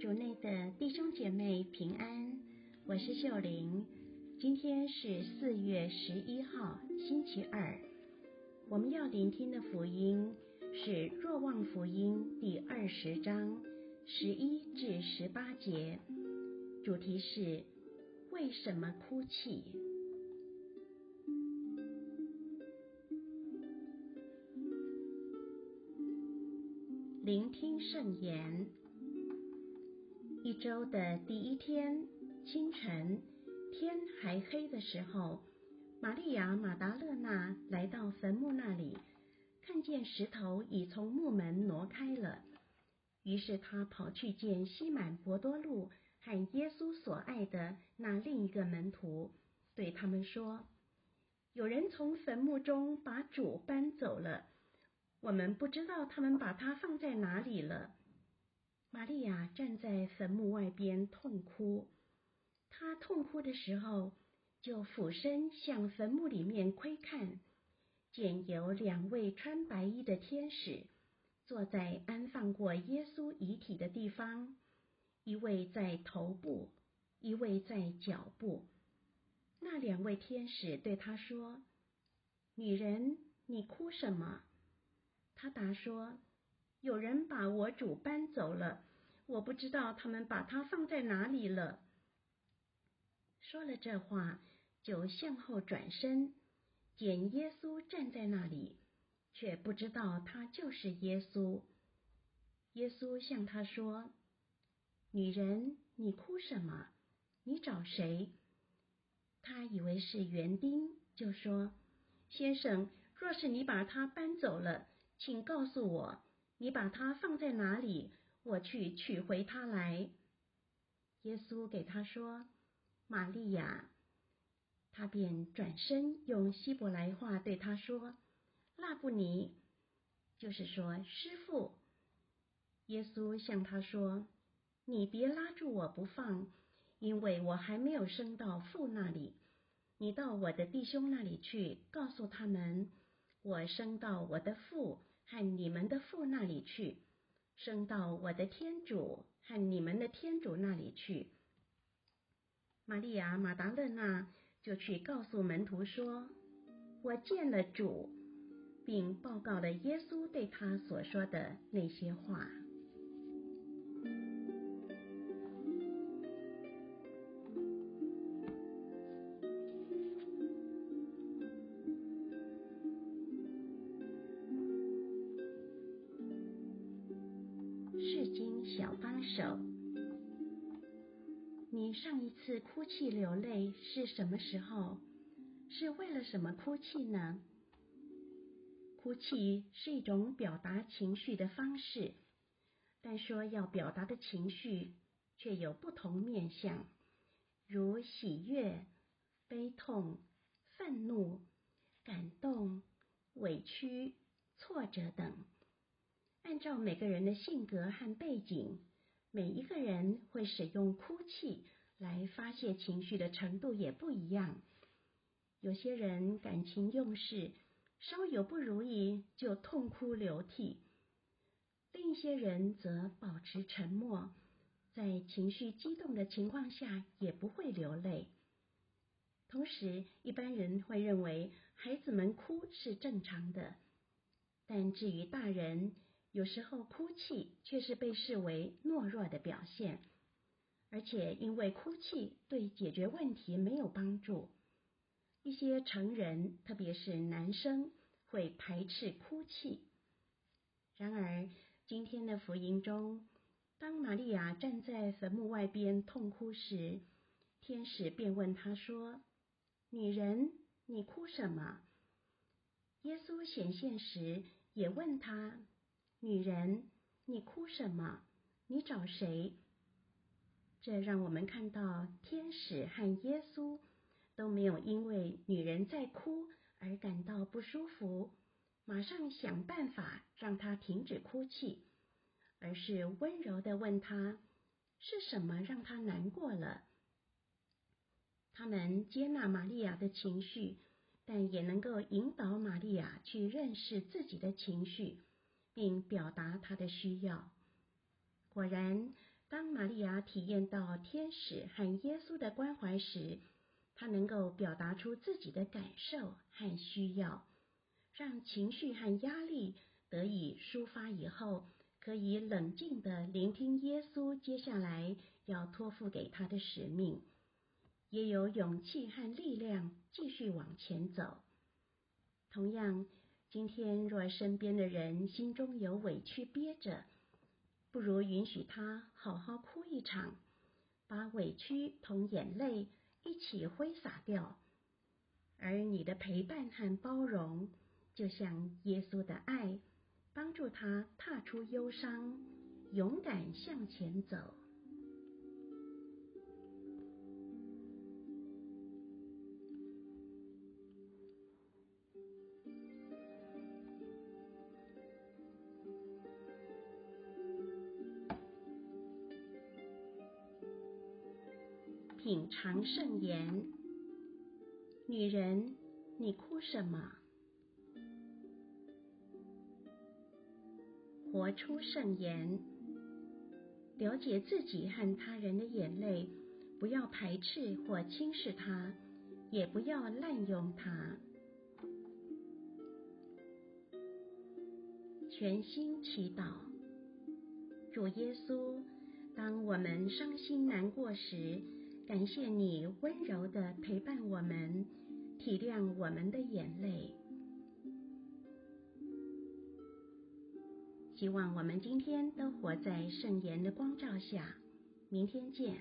主內的弟兄姐妹平安，我是秀玲。今天是四月十一號，星期二。我們要聆聽的福音是《若望福音》第二十章十一至十八節，主題是為什麼哭泣？聆聽聖言。一週的第一天清晨，天還黑的時候，瑪利亞·馬達勒納來到墳墓那裡，看見石頭已從墓門挪開了。於是他跑去見西滿·伯多祿和耶穌所愛的那另一個門徒，對他們說：“有人從墳墓中把主搬走了，我們不知道他們把它放在哪裡了。”瑪利亞站在墳墓外邊痛哭，她痛哭的時候，就俯身向墳墓裡面窺看，見有兩位穿白衣的天使坐在安放過耶穌遺體的地方，一位在頭部，一位在腳部。那兩位天使對她說：“女人，你哭什麼？”她答說。有人把我主搬走了，我不知道他們把他放在哪裡了。說了這話，就向後轉身，見耶穌站在那裡，卻不知道他就是耶穌。耶穌向他說：“女人，你哭什麼？你找誰？”他以為是園丁，就說：“先生，若是你把他搬走了，請告訴我。”你把它放在哪裡？我去取回它來。耶穌給他說：“瑪利亞。”他便轉身用希伯來話對他說：“拉布尼”，就是說“師傅”。耶穌向他說：“你別拉住我不放，因為我還沒有升到父那裡。你到我的弟兄那裡去，告訴他們，我升到我的父。”和你們的父那裡去，升到我的天主和你們的天主那裡去。瑪利亞·馬達勒納就去告訴門徒說：“我見了主，並報告了耶穌對他所說的那些話。”小幫手，你上一次哭泣流淚是什麼時候？是為了什麼哭泣呢？哭泣是一種表達情緒的方式，但說要表達的情緒卻有不同面向，如喜悅、悲痛、憤怒、感動、委屈、挫折等。照每個人的性格和背景，每一個人會使用哭泣來發洩情緒的程度也不一樣。有些人感情用事，稍有不如意就痛哭流涕；另一些人則保持沉默，在情緒激動的情況下也不會流淚。同時，一般人會認為孩子們哭是正常的，但至於大人，有時候哭泣卻是被視為懦弱的表現，而且因為哭泣對解決問題沒有幫助，一些成人，特別是男生，會排斥哭泣。然而，今天的福音中，當瑪利亞站在墳墓外邊痛哭時，天使便問她說：“女人，你哭什麼？”耶穌顯現時也問她。女人，你哭什麼？你找誰？這讓我們看到，天使和耶穌都沒有因為女人在哭而感到不舒服，馬上想辦法讓她停止哭泣，而是溫柔的問她是什麼讓她難過了。他們接納瑪利亞的情緒，但也能夠引導瑪利亞去認識自己的情緒。並表達他的需要。果然，當瑪利亞體驗到天使和耶穌的關懷時，她能夠表達出自己的感受和需要，讓情緒和壓力得以抒發以後，可以冷靜地聆聽耶穌接下來要托付給他的使命，也有勇氣和力量繼續往前走。同樣。今天若身邊的人心中有委屈憋着，不如允許他好好哭一場，把委屈同眼淚一起揮灑掉。而你的陪伴和包容，就像耶穌的愛，幫助他踏出憂傷，勇敢向前走。品嘗聖言，女人，你哭什麼？活出聖言，了解自己和他人的眼淚，不要排斥或輕視它，也不要濫用它。全心祈禱，主耶穌，當我們傷心難過時。感謝你溫柔的陪伴我們，體諒我們的眼淚。希望我們今天都活在聖言的光照下，明天見。